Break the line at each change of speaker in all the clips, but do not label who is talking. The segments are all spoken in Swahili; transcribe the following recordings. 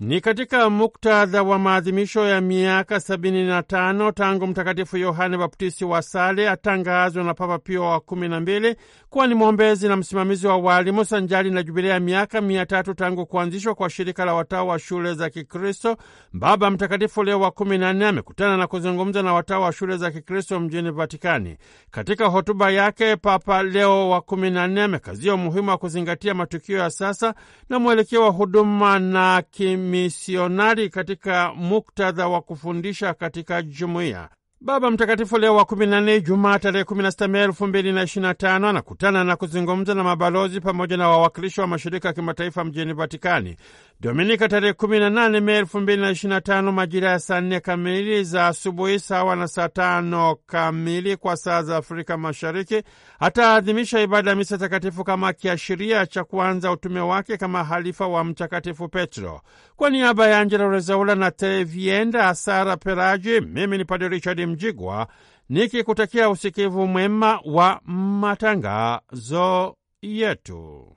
Ni katika muktadha wa maadhimisho ya miaka 75 tangu Mtakatifu Yohane Baptisti wa Sale atangazwe na Papa Pio wa 12 kuwa ni mwombezi na msimamizi wa walimu, sanjali na jubilia ya miaka 300 tangu kuanzishwa kwa shirika la watawa wa shule za Kikristo, Baba Mtakatifu Leo wa 14 amekutana na kuzungumza na watawa wa shule za Kikristo mjini Vatikani. Katika hotuba yake, Papa Leo wa 14 amekazia umuhimu wa kuzingatia matukio ya sasa na mwelekeo wa huduma na kim misionari katika muktadha wa kufundisha katika jumuiya. Baba Mtakatifu Leo wa 14 Jumaa tarehe 16 Mei 2025 anakutana na kuzungumza na mabalozi pamoja na wawakilishi wa mashirika ya kimataifa mjini Vatikani. Dominika tarehe 18 Mei 2025 majira ya saa nne kamili za asubuhi sawa na saa tano kamili kwa saa za Afrika Mashariki, ataadhimisha ibada ya misa takatifu kama kiashiria cha kuanza utume wake kama halifa wa Mtakatifu Petro. Kwa niaba ya Angela Rezaula na Tevienda Sara Peraji, mimi ni Padre Richard Mjigwa nikikutakia usikivu mwema wa matangazo yetu.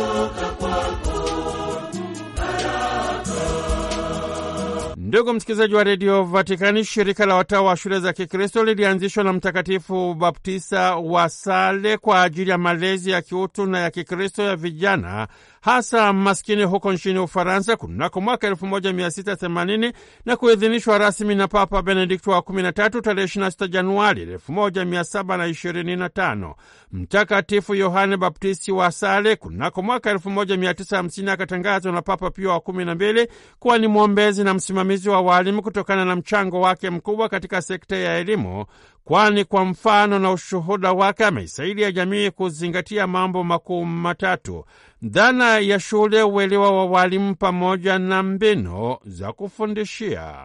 Ndugu msikilizaji wa redio Vatikani, shirika la watawa wa shule za Kikristo lilianzishwa na Mtakatifu Baptista wa Sale kwa ajili ya malezi ya kiutu na ya Kikristo ya vijana hasa maskini huko nchini Ufaransa kunako mwaka 1680 na kuidhinishwa rasmi na Papa Benedikto wa 13 tarehe 26 Januari 1725. Mtakatifu Yohane Baptisti wa Sale kunako mwaka 1950 akatangazwa na Papa Pio wa 12 kuwa ni mwombezi na msimamizi wa waalimu kutokana na mchango wake mkubwa katika sekta ya elimu kwani kwa mfano na ushuhuda wake ameisaidia jamii kuzingatia mambo makuu matatu: dhana ya shule, uelewa wa walimu pamoja na mbinu za kufundishia.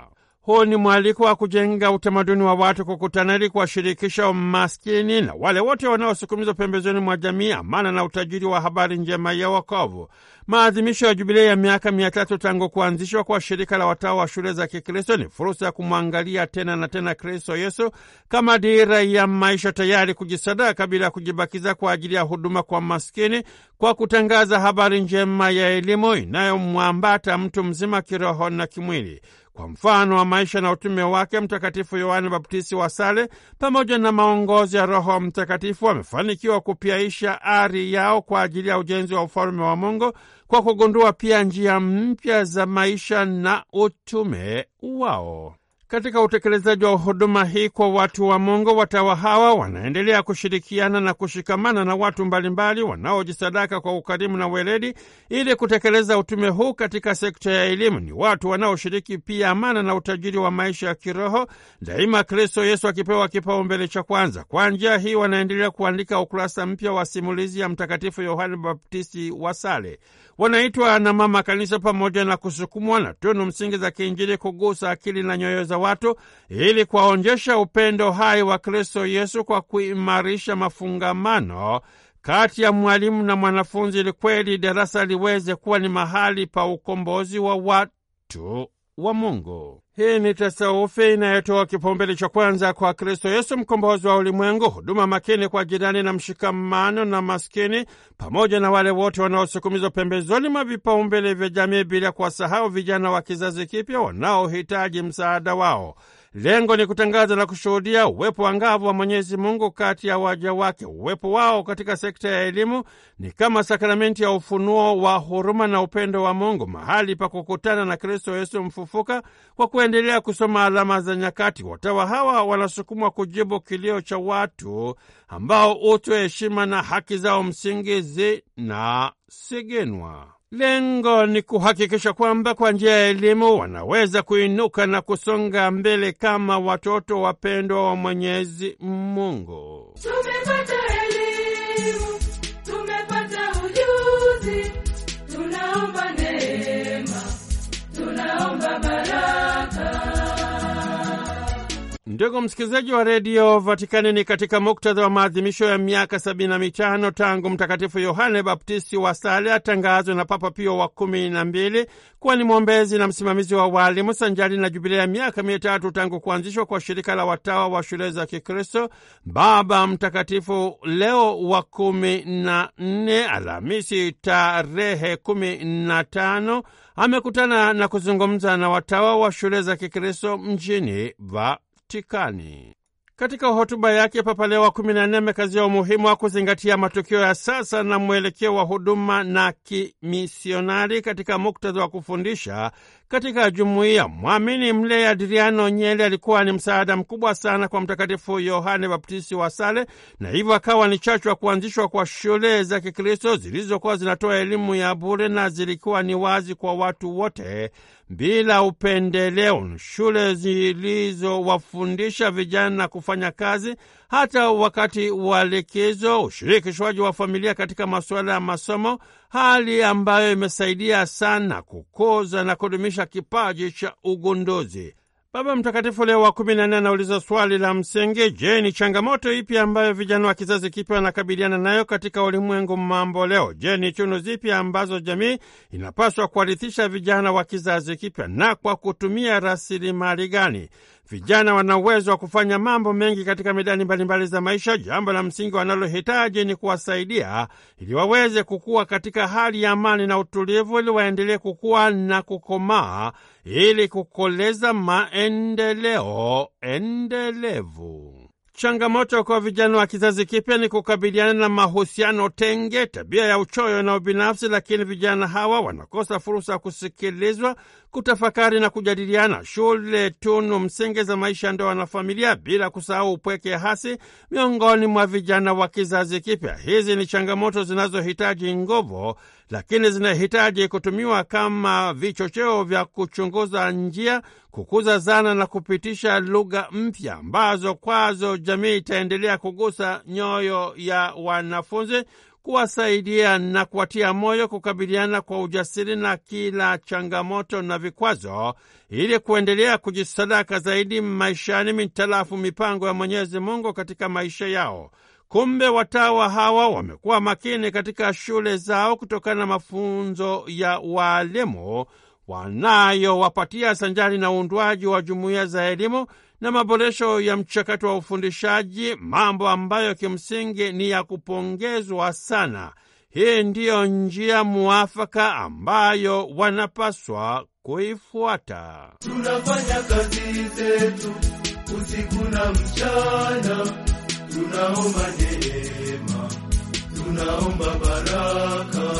Huu ni mwaliko wa kujenga utamaduni wa watu kukutana ili kuwashirikisha umaskini na wale wote wanaosukumizwa pembezoni mwa jamii, amana na utajiri wa habari njema ya wokovu. Maadhimisho ya jubilei ya miaka mia tatu tangu kuanzishwa kwa shirika la watawa wa shule za Kikristo ni fursa ya kumwangalia tena na tena Kristo Yesu kama dira ya maisha, tayari kujisadaka bila ya kujibakiza kwa ajili ya huduma kwa maskini, kwa kutangaza habari njema ya elimu inayomwambata mtu mzima kiroho na kimwili kwa mfano wa maisha na utume wake Mtakatifu Yohane Baptisti wa Sale, pamoja na maongozi ya Roho Mtakatifu, wamefanikiwa kupiaisha ari yao kwa ajili ya ujenzi wa ufalume wa Mungu kwa kugundua pia njia mpya za maisha na utume wao. Katika utekelezaji wa huduma hii kwa watu wa Mungu, watawa hawa wanaendelea kushirikiana na kushikamana na watu mbalimbali wanaojisadaka kwa ukarimu na weledi ili kutekeleza utume huu katika sekta ya elimu. Ni watu wanaoshiriki pia amana na utajiri wa maisha ya kiroho, daima Kristo Yesu akipewa kipaumbele cha kwanza. Kwa njia hii wanaendelea kuandika ukurasa mpya wa simulizi ya Mtakatifu yohani Baptisti wa Sale wanaitwa na mama kanisa pamoja na kusukumwa na tunu msingi za kiinjili kugusa akili na nyoyo za watu ili kuwaonjesha upendo hai wa Kristo Yesu kwa kuimarisha mafungamano kati ya mwalimu na mwanafunzi ili kweli darasa liweze kuwa ni mahali pa ukombozi wa watu wa Mungu. Hii ni tasaufi inayotoa kipaumbele cha kwanza kwa Kristo Yesu, mkombozi wa ulimwengu, huduma makini kwa jirani na mshikamano na maskini, pamoja na wale wote wanaosukumizwa pembezoni mwa vipaumbele vya jamii, bila kuwasahau vijana wa kizazi kipya wanaohitaji msaada wao. Lengo ni kutangaza na kushuhudia uwepo angavu wa Mwenyezi Mungu kati ya waja wake. Uwepo wao katika sekta ya elimu ni kama sakramenti ya ufunuo wa huruma na upendo wa Mungu, mahali pa kukutana na Kristo Yesu mfufuka. Kwa kuendelea kusoma alama za nyakati, watawa hawa wanasukumwa kujibu kilio cha watu ambao utu, heshima na haki zao msingi zinasigenwa. Lengo ni kuhakikisha kwamba kwa njia ya elimu wanaweza kuinuka na kusonga mbele kama watoto wapendwa wa Mwenyezi Mungu. Tumepata Ndugu msikilizaji wa redio Vatikani, ni katika muktadha wa maadhimisho ya miaka sabini na mitano tangu Mtakatifu Yohane Baptisti wa Sale atangazwe na Papa Pio wa kumi na mbili kuwa ni mwombezi na msimamizi wa walimu, sanjari na jubilia ya miaka mitatu tangu kuanzishwa kwa shirika la watawa wa shule za Kikristo, Baba Mtakatifu Leo wa kumi na nne Alhamisi tarehe kumi na tano amekutana na kuzungumza na watawa wa shule za Kikristo mjini va Vatikani. Katika hotuba yake Papa Leo wa kumi na nne amekazia umuhimu wa kuzingatia matukio ya sasa na mwelekeo wa huduma na kimisionari katika muktadha wa kufundisha katika jumuiya. Mwamini mle Adriano Nyele alikuwa ni msaada mkubwa sana kwa Mtakatifu Yohane Baptisti wa Sale, na hivyo akawa ni chachu ya kuanzishwa kwa shule za Kikristo zilizokuwa zinatoa elimu ya bure na zilikuwa ni wazi kwa watu wote bila upendeleo, shule zilizowafundisha vijana kufanya kazi hata wakati wa likizo, ushirikishwaji wa familia katika masuala ya masomo, hali ambayo imesaidia sana kukuza na kudumisha kipaji cha ugunduzi. Baba Mtakatifu Leo wa kumi na nne anauliza swali la msingi: Je, ni changamoto ipi ambayo vijana wa kizazi kipya wanakabiliana nayo katika ulimwengu mambo leo? Je, ni tunu zipi ambazo jamii inapaswa kuharithisha vijana wa kizazi kipya na kwa kutumia rasilimali gani? Vijana wana uwezo wa kufanya mambo mengi katika medani mbalimbali za maisha. Jambo la msingi wanalohitaji ni kuwasaidia ili waweze kukua katika hali ya amani na utulivu, ili waendelee kukua na kukomaa, ili kukoleza maendeleo endelevu. Changamoto kwa vijana wa kizazi kipya ni kukabiliana na mahusiano tenge, tabia ya uchoyo na ubinafsi, lakini vijana hawa wanakosa fursa ya kusikilizwa, kutafakari na kujadiliana shule tunu msingi za maisha, ndoa na familia, bila kusahau upweke hasi miongoni mwa vijana wa kizazi kipya. Hizi ni changamoto zinazohitaji nguvu, lakini zinahitaji kutumiwa kama vichocheo vya kuchunguza njia, kukuza zana na kupitisha lugha mpya ambazo kwazo jamii itaendelea kugusa nyoyo ya wanafunzi kuwasaidia na kuwatia moyo kukabiliana kwa ujasiri na kila changamoto na vikwazo ili kuendelea kujisadaka zaidi maishani mitalafu mipango ya Mwenyezi Mungu katika maisha yao. Kumbe watawa hawa wamekuwa makini katika shule zao kutokana na mafunzo ya waalimu wanayowapatia sanjari na uundwaji wa jumuiya za elimu na maboresho ya mchakato wa ufundishaji, mambo ambayo kimsingi ni ya kupongezwa sana. Hii ndiyo njia muafaka ambayo wanapaswa kuifuata. Tunafanya kazi zetu usiku na mchana, tunaomba neema, tunaomba baraka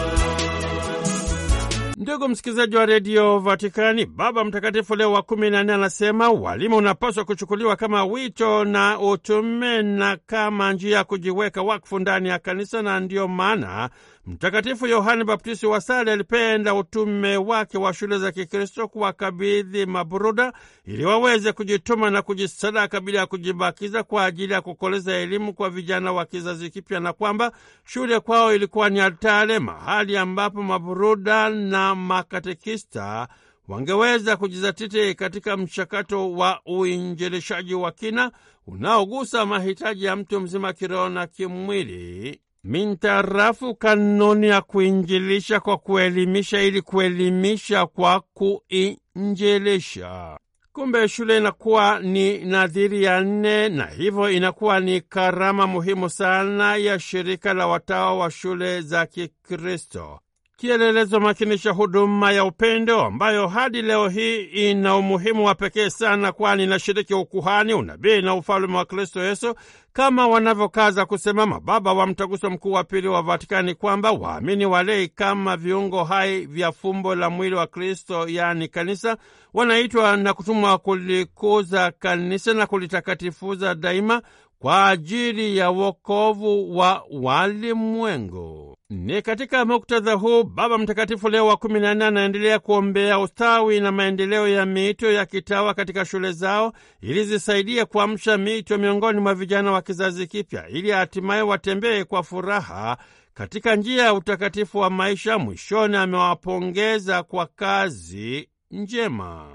Ndugu msikilizaji wa redio Vatikani, Baba Mtakatifu Leo wa kumi na nne anasema walimu unapaswa kuchukuliwa kama wito na utume na kama njia ya kujiweka wakfu ndani ya kanisa, na ndiyo maana Mtakatifu Yohane Baptisti wa Sale alipenda utume wake wa shule za Kikristo kuwakabidhi maburuda ili waweze kujituma na kujisadaka bila ya kujibakiza kwa ajili ya kukoleza elimu kwa vijana wa kizazi kipya, na kwamba shule kwao ilikuwa ni altare, mahali ambapo maburuda na makatekista wangeweza kujizatiti katika mchakato wa uinjilishaji wa kina unaogusa mahitaji ya mtu mzima kiroho na kimwili mintarafu kanuni ya kuinjilisha kwa kuelimisha ili kuelimisha kwa kuinjilisha. Kumbe shule inakuwa ni nadhiri ya nne na hivyo inakuwa ni karama muhimu sana ya shirika la watawa wa shule za Kikristo kielelezo makini cha huduma ya upendo ambayo hadi leo hii ina umuhimu wa pekee sana, kwani inashiriki ukuhani, unabii na ufalume wa Kristo Yesu, kama wanavyokaza kusema mababa wa Mtaguso Mkuu wa Pili wa Vatikani kwamba waamini walei kama viungo hai vya fumbo la mwili wa Kristo, yaani kanisa, wanaitwa na kutumwa kulikuza kanisa na kulitakatifuza daima kwa ajili ya wokovu wa walimwengu. Ni katika muktadha huu Baba Mtakatifu Leo wa kumi na nne anaendelea kuombea ustawi na maendeleo ya miito ya kitawa katika shule zao ili zisaidia kuamsha miito miongoni mwa vijana wa kizazi kipya ili hatimaye watembee kwa furaha katika njia ya utakatifu wa maisha. Mwishoni amewapongeza kwa kazi njema.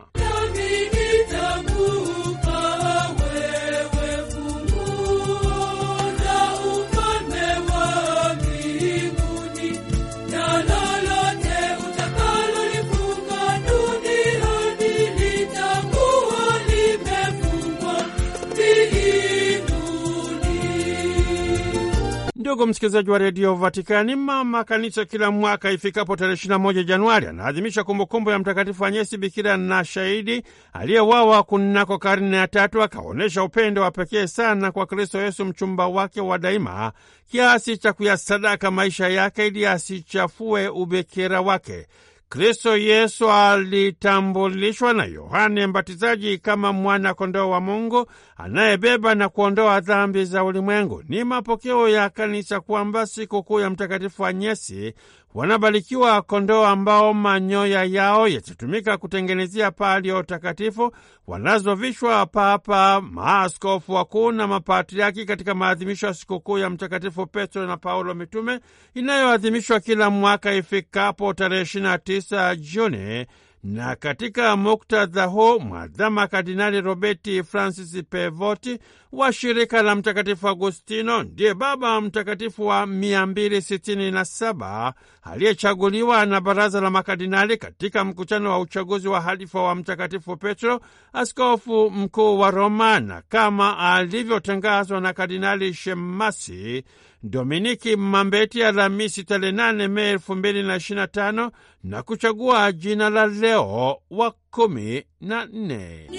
Ndugu msikilizaji wa redio Vatikani, mama kanisa kila mwaka ifikapo tarehe 21 Januari anaadhimisha kumbukumbu ya Mtakatifu Anyesi bikira na shahidi aliyewawa kunako karne ya tatu, akaonyesha upendo wa pekee sana kwa Kristo Yesu mchumba wake wa daima kiasi cha kuyasadaka maisha yake ili asichafue ubekera wake. Kristo Yesu alitambulishwa na Yohane Mbatizaji kama mwana-kondoo wa Mungu anayebeba na kuondoa dhambi za ulimwengu. Ni mapokeo ya Kanisa kwamba sikukuu ya Mtakatifu Anyesi wanabarikiwa kondoo ambao manyoya yao yatatumika kutengenezea ya utakatifu, wanazovishwa papa, maaskofu wakuu na mapatriaki katika maadhimisho ya sikukuu ya Mtakatifu Petro na Paulo mitume inayoadhimishwa kila mwaka ifikapo tarehe 29 Juni. Na katika muktadha huu mwadhama Kardinali Roberti Francis Pevoti wa shirika la Mtakatifu Agostino ndiye Baba Mtakatifu wa 267 aliyechaguliwa na Baraza la Makardinali katika mkutano wa uchaguzi wa halifa wa Mtakatifu Petro, askofu mkuu wa Roma, na kama alivyotangazwa na Kardinali Shemasi Dominiki Mambeti Alhamisi tarehe 8 Mei 2025 na kuchagua jina la Leo wa kumi na nne.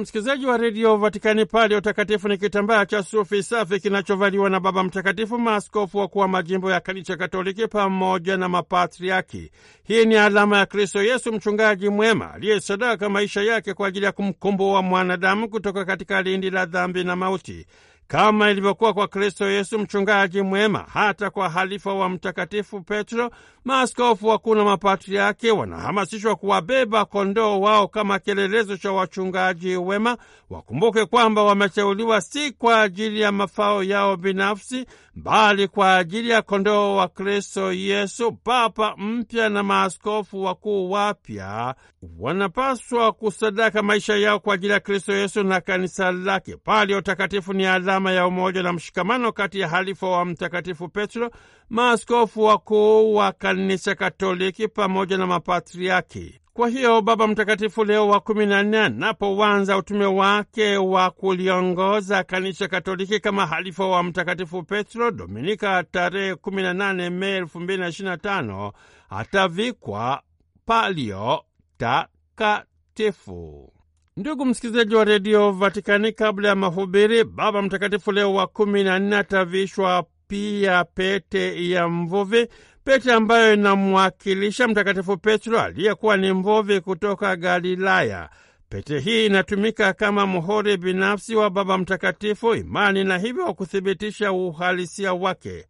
msikilizaji wa redio Vatikani, pale utakatifu ni kitambaa cha sufi safi kinachovaliwa na Baba Mtakatifu, maaskofu wa kuwa majimbo ya Kanisa Katoliki pamoja na mapatriaki. Hii ni alama ya Kristo Yesu, mchungaji mwema aliyesadaka maisha yake kwa ajili ya kumkomboa mwanadamu kutoka katika lindi la dhambi na mauti kama ilivyokuwa kwa Kristo Yesu mchungaji mwema, hata kwa halifa wa Mtakatifu Petro, maaskofu wakuu na mapatriaki wanahamasishwa kuwabeba kondoo wao kama kielelezo cha wachungaji wema. Wakumbuke kwamba wameteuliwa si kwa ajili ya mafao yao binafsi, bali kwa ajili ya kondoo wa Kristo Yesu, Papa mpya na maaskofu wakuu wapya wanapaswa kusadaka maisha yao kwa ajili ya Kristo Yesu na kanisa lake. Palio takatifu ni alama ya umoja na mshikamano kati ya halifa wa Mtakatifu Petro, maaskofu wakuu wa Kanisa Katoliki pamoja na mapatriaki. Kwa hiyo Baba Mtakatifu Leo wa kumi na nne anapoanza utume wake wa kuliongoza Kanisa Katoliki kama halifa wa Mtakatifu Petro Dominika tarehe 18 Mei 2025 atavikwa palio mtakatifu. Ndugu msikilizaji wa redio Vatikani, kabla ya mahubiri, Baba Mtakatifu Leo wa kumi na nne atavishwa pia pete ya mvuvi, pete ambayo inamwakilisha Mtakatifu Petro aliyekuwa ni mvuvi kutoka Galilaya. Pete hii inatumika kama muhuri binafsi wa Baba Mtakatifu imani na hivyo kuthibitisha uhalisia wake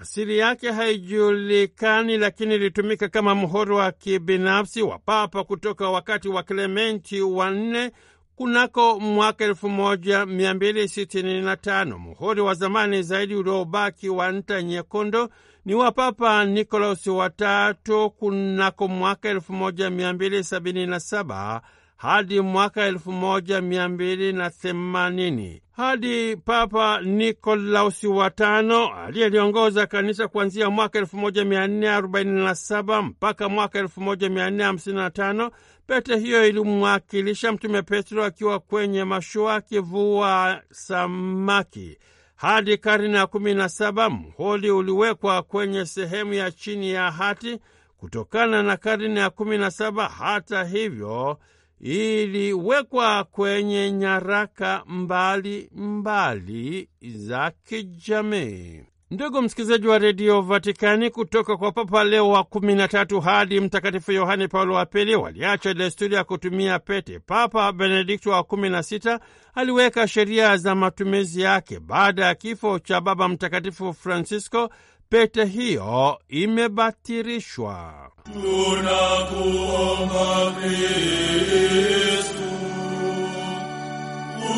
asili yake haijulikani, lakini ilitumika kama mhoro wa kibinafsi wa papa kutoka wakati wa Klementi wa nne kunako mwaka 1265. Muhuri wa zamani zaidi uliobaki wa nta nyekundu ni wa Papa Nikolaus watatu kunako mwaka 1277 hadi mwaka elfu moja mia mbili na themanini hadi Papa Nikolausi wa tano aliyeliongoza kanisa kuanzia mwaka elfu moja mia nne arobaini na saba mpaka mwaka elfu moja mia nne hamsini na tano. Pete hiyo ilimwakilisha Mtume Petro akiwa kwenye mashua akivua samaki. Hadi karne ya kumi na saba mholi uliwekwa kwenye sehemu ya chini ya hati. Kutokana na karne ya kumi na saba, hata hivyo iliwekwa kwenye nyaraka mbali mbali za kijamii. Ndugu msikilizaji wa redio Vatikani, kutoka kwa Papa Leo wa kumi na tatu hadi Mtakatifu Yohane Paulo wa Pili waliacha desturi ya kutumia pete. Papa Benedikto wa kumi na sita aliweka sheria za matumizi yake. Baada ya kifo cha Baba Mtakatifu Francisco, pete hiyo imebatirishwa.
Tunakuomba Kristu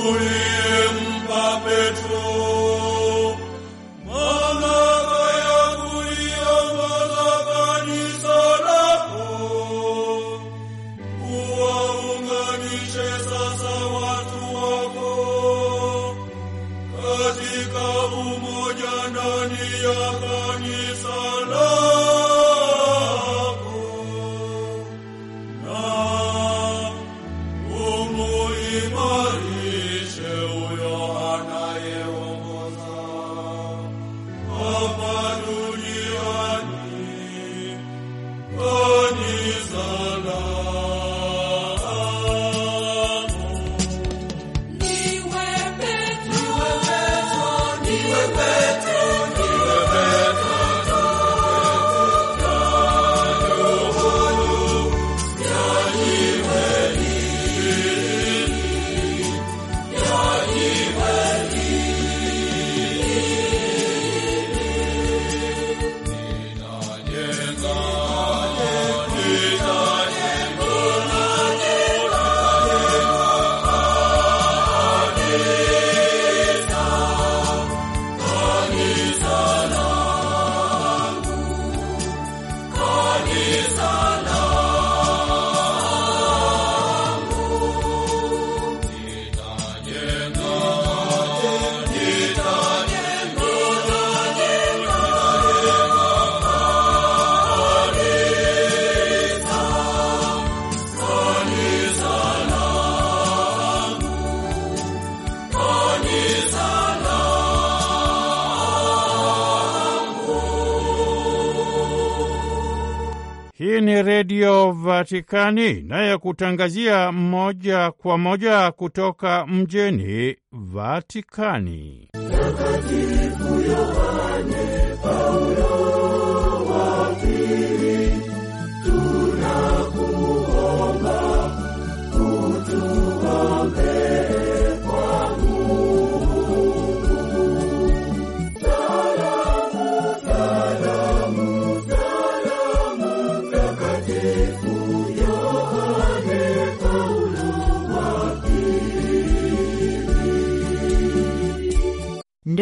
uliyempa Petro Vatikani nayekutangazia moja kwa moja kutoka mjini Vatikani. Yohane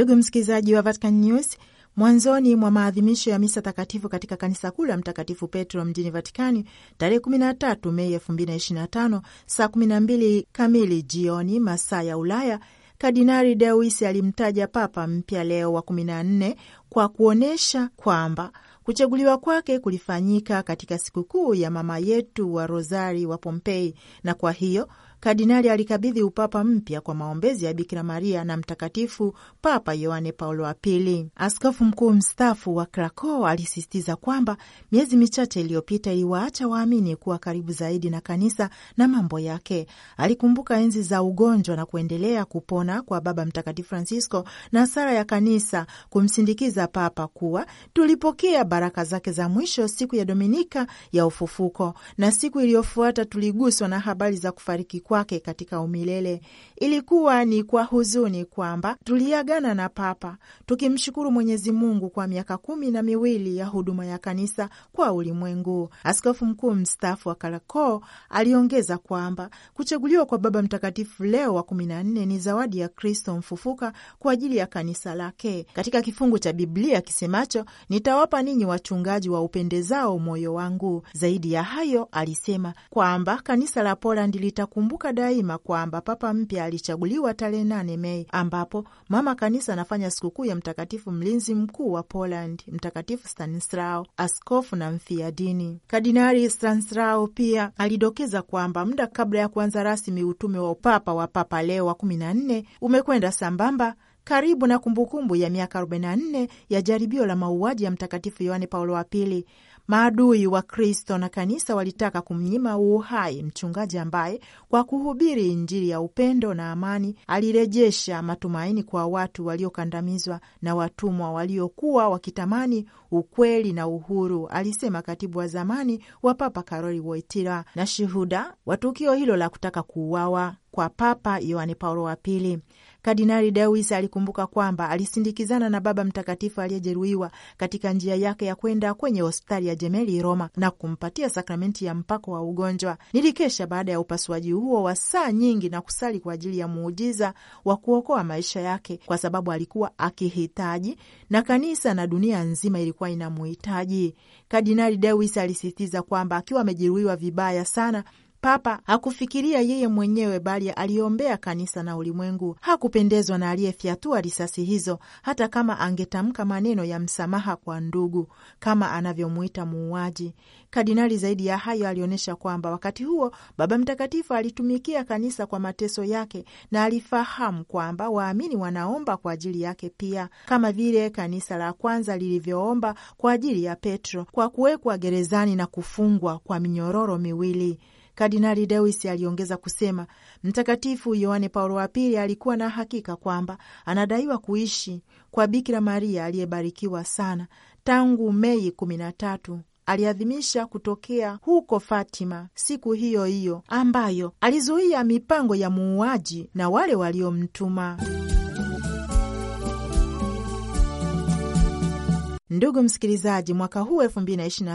Ndugu msikilizaji wa Vatican News, mwanzoni mwa maadhimisho ya misa takatifu katika kanisa kuu la Mtakatifu Petro mjini Vatikani tarehe 13 Mei 2025 saa 12 kamili jioni masaa ya Ulaya, Kardinali Dewis alimtaja Papa mpya Leo wa 14 kwa kuonyesha kwamba kuchaguliwa kwake kulifanyika katika sikukuu ya mama yetu wa Rozari wa Pompei, na kwa hiyo kardinali alikabidhi upapa mpya kwa maombezi ya Bikira Maria na Mtakatifu Papa Yohane Paulo wa Pili. Askofu mkuu mstaafu wa Krakowa alisisitiza kwamba miezi michache iliyopita iliwaacha waamini kuwa karibu zaidi na kanisa na mambo yake. Alikumbuka enzi za ugonjwa na kuendelea kupona kwa Baba Mtakatifu Francisco na sara ya kanisa kumsindikiza Papa kuwa tulipokea baraka zake za mwisho siku ya Dominika ya Ufufuko, na siku iliyofuata tuliguswa na habari za kufariki kwake katika umilele. Ilikuwa ni kwa huzuni kwamba tuliagana na Papa tukimshukuru Mwenyezi Mungu kwa miaka kumi na miwili ya huduma ya kanisa kwa ulimwengu. Askofu mkuu mstaafu wa Karako aliongeza kwamba kuchaguliwa kwa Baba Mtakatifu Leo wa kumi na nne ni zawadi ya Kristo mfufuka kwa ajili ya kanisa lake, katika kifungu cha Biblia kisemacho nitawapa ninyi wachungaji wa upendezao moyo wangu. Zaidi ya hayo, alisema kwamba kanisa la Poland litakumbuka Kumbuka daima kwamba papa mpya alichaguliwa tarehe 8 Mei, ambapo mama kanisa anafanya sikukuu ya mtakatifu mlinzi mkuu wa Poland, Mtakatifu Stanislao, askofu na mfiadini. Kardinali Stanislao pia alidokeza kwamba muda kabla ya kuanza rasmi utume wa upapa wa Papa Leo wa 14 umekwenda sambamba karibu na kumbukumbu ya miaka 44 ya jaribio la mauaji ya Mtakatifu Yohane Paulo wa Pili Maadui wa Kristo na kanisa walitaka kumnyima uhai mchungaji ambaye kwa kuhubiri Injili ya upendo na amani alirejesha matumaini kwa watu waliokandamizwa na watumwa waliokuwa wakitamani ukweli na uhuru, alisema katibu wa zamani wa Papa Karoli woitira na shuhuda wa tukio hilo la kutaka kuuawa kwa Papa Yohane Paulo wa Pili. Kardinali Dewis alikumbuka kwamba alisindikizana na Baba Mtakatifu aliyejeruhiwa katika njia yake ya kwenda kwenye hospitali ya Jemeli Roma na kumpatia sakramenti ya mpako wa ugonjwa. Nilikesha baada ya upasuaji huo wa saa nyingi na kusali kwa ajili ya muujiza wa kuokoa maisha yake, kwa sababu alikuwa akihitaji na kanisa na dunia nzima ilikuwa inamuhitaji. Kardinali Dewis alisisitiza kwamba akiwa amejeruhiwa vibaya sana Papa hakufikiria yeye mwenyewe, bali aliombea kanisa na ulimwengu. Hakupendezwa na aliyefyatua risasi hizo, hata kama angetamka maneno ya msamaha kwa ndugu, kama anavyomuita muuaji. Kardinali zaidi ya hayo alionyesha kwamba wakati huo Baba Mtakatifu alitumikia kanisa kwa mateso yake, na alifahamu kwamba waamini wanaomba kwa ajili yake pia, kama vile kanisa la kwanza lilivyoomba kwa ajili ya Petro kwa kuwekwa gerezani na kufungwa kwa minyororo miwili. Kardinali Dewis aliongeza kusema Mtakatifu Yohane Paulo wa Pili alikuwa na hakika kwamba anadaiwa kuishi kwa Bikira Maria aliyebarikiwa sana. Tangu Mei kumi na tatu aliadhimisha kutokea huko Fatima siku hiyo hiyo ambayo alizuia mipango ya muuaji na wale waliomtuma. Ndugu msikilizaji, mwaka huu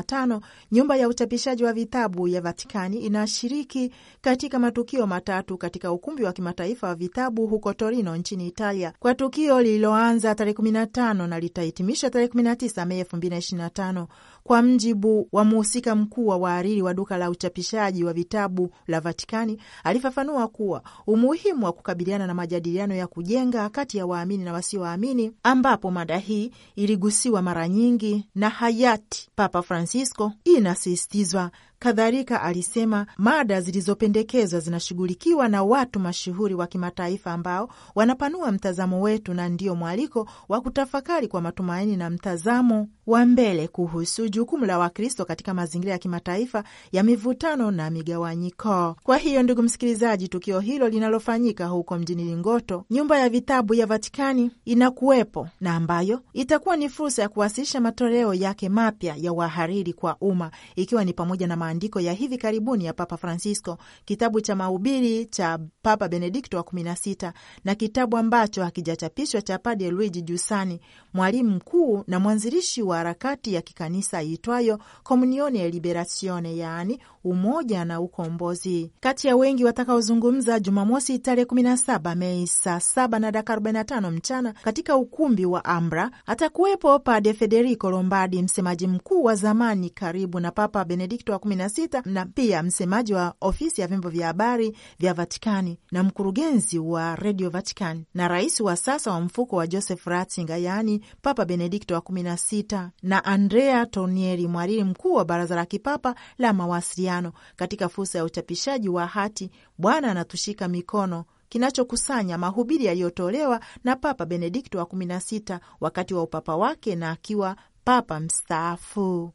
tano nyumba ya uchapishaji wa vitabu ya Vatikani inashiriki katika matukio matatu katika ukumbi wa kimataifa wa vitabu huko Torino nchini Italia, kwa tukio lililoanza tarehe 15 na litahitimisha tarehe 19 Mei tano kwa mjibu wa muhusika mkuu wa wahariri wa duka la uchapishaji wa vitabu la Vatikani, alifafanua kuwa umuhimu wa kukabiliana na majadiliano ya kujenga kati ya waamini na wasioamini, ambapo mada hii iligusiwa mara nyingi na hayati Papa Francisco, inasisitizwa Kadhalika alisema mada zilizopendekezwa zinashughulikiwa na watu mashuhuri wa kimataifa ambao wanapanua mtazamo wetu na ndio mwaliko wa kutafakari kwa matumaini na mtazamo wa mbele kuhusu jukumu la Wakristo katika mazingira ya kimataifa ya mivutano na migawanyiko. Kwa hiyo, ndugu msikilizaji, tukio hilo linalofanyika huko mjini Lingoto, nyumba ya vitabu ya Vatikani, inakuwepo na ambayo itakuwa ni fursa ya kuwasilisha matoleo yake mapya ya wahariri kwa umma, ikiwa ni pamoja na maandiko ya hivi karibuni ya Papa Francisco, kitabu cha mahubiri cha Papa Benedikto wa 16 na kitabu ambacho hakijachapishwa cha Padre Luigi Giussani, mwalimu mkuu na mwanzilishi wa harakati ya kikanisa iitwayo Komunione e Liberazione, yaani umoja na ukombozi. Kati ya wengi watakaozungumza Jumamosi tarehe 17 Mei saa 7 na dakika 45 mchana katika ukumbi wa Ambra atakuwepo Pade Federico Lombardi, msemaji mkuu wa zamani karibu na Papa Benedikto wa 16 na pia msemaji wa ofisi ya vyombo vya habari vya Vatikani na mkurugenzi wa redio Vatikani na rais wa sasa wa mfuko wa Joseph Ratzinger, yaani Papa Benedikto wa 16 na Andrea Tonieri, mhariri mkuu wa baraza la kipapa la mawasiliano mawasiliano katika fursa ya uchapishaji wa hati Bwana anatushika mikono kinachokusanya mahubiri yaliyotolewa na Papa Benedikto wa sita wakati wa upapa wake na akiwa papa mstaafu.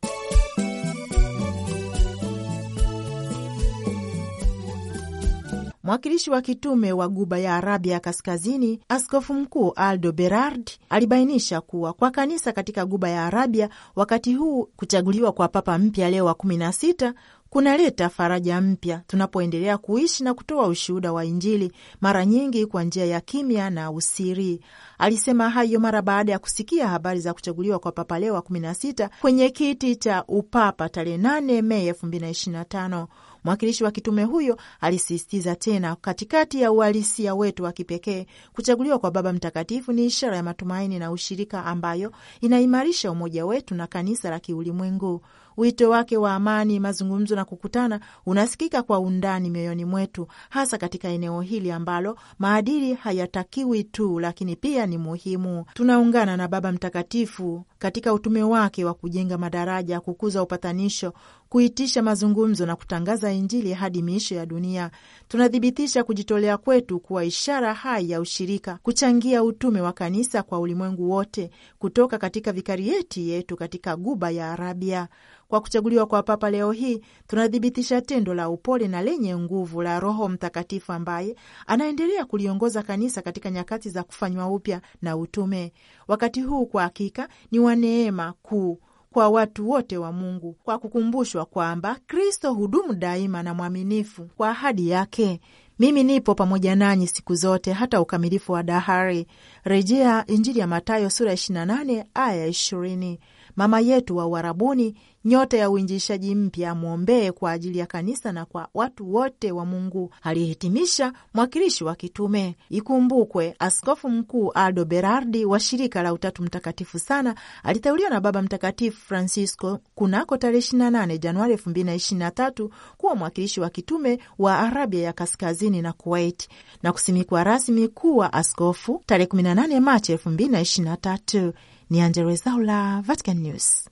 Mwakilishi wa kitume wa Guba ya Arabia Kaskazini, Askofu Mkuu Aldo Berard alibainisha kuwa kwa kanisa katika Guba ya Arabia wakati huu, kuchaguliwa kwa papa mpya Leo wa 16 kunaleta faraja mpya tunapoendelea kuishi na kutoa ushuhuda wa Injili, mara nyingi kwa njia ya kimya na usiri. Alisema hayo mara baada ya kusikia habari za kuchaguliwa kwa Papa Leo wa 16 kwenye kiti cha upapa tarehe 8 Mei 2025. Mwakilishi wa kitume huyo alisisitiza tena, katikati ya uhalisia wetu wa kipekee, kuchaguliwa kwa Baba Mtakatifu ni ishara ya matumaini na ushirika ambayo inaimarisha umoja wetu na kanisa la kiulimwengu. Wito wake wa amani, mazungumzo na kukutana unasikika kwa undani mioyoni mwetu, hasa katika eneo hili ambalo maadili hayatakiwi tu, lakini pia ni muhimu. Tunaungana na Baba Mtakatifu katika utume wake wa kujenga madaraja, kukuza upatanisho, kuitisha mazungumzo na kutangaza Injili hadi miisho ya dunia. Tunathibitisha kujitolea kwetu kuwa ishara hai ya ushirika, kuchangia utume wa kanisa kwa ulimwengu wote, kutoka katika vikarieti yetu katika Guba ya Arabia. Kwa kuchaguliwa kwa Papa leo hii tunathibitisha tendo la upole na lenye nguvu la Roho Mtakatifu ambaye anaendelea kuliongoza kanisa katika nyakati za kufanywa upya na utume. Wakati huu kwa hakika ni kuwa neema kuu kwa watu wote wa Mungu kwa kukumbushwa kwamba Kristo hudumu daima na mwaminifu kwa ahadi yake, mimi nipo pamoja nanyi siku zote hata ukamilifu wa dahari. Rejea Injili ya Matayo sura 28 aya 20. Mama yetu wa Uarabuni nyota ya uinjilishaji mpya, amwombee kwa ajili ya kanisa na kwa watu wote wa Mungu, aliyehitimisha mwakilishi wa kitume. Ikumbukwe Askofu Mkuu Aldo Berardi wa shirika la Utatu Mtakatifu sana aliteuliwa na Baba Mtakatifu Francisco kunako tarehe 28 Januari 2023 kuwa mwakilishi wa kitume wa Arabia ya Kaskazini na Kuwait na kusimikwa rasmi kuwa askofu tarehe 18 Machi 2023. Ni Angella Rwezaula, Vatican News.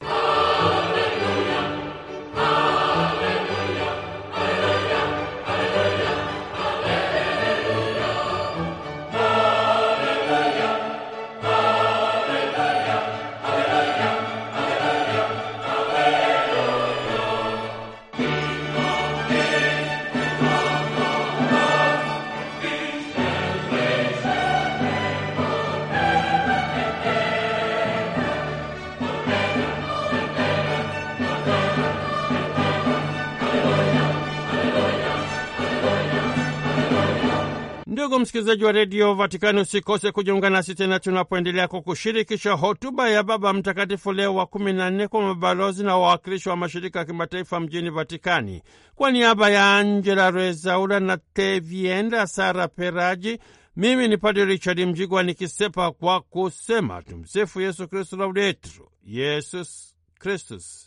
Ndugu msikilizaji wa redio Vatikani, usikose kujiunga nasi tena tunapoendelea kukushirikisha hotuba ya Baba Mtakatifu Leo wa kumi na nne kwa mabalozi na wawakilishi wa mashirika ya kimataifa mjini Vatikani. Kwa niaba ya Angela rezaura na Tevienda Sara Peraji, mimi ni Padre Richard Mjigwa nikisepa kwa kusema tumsifu Yesu Kristu, laudetru Yesus Kristus.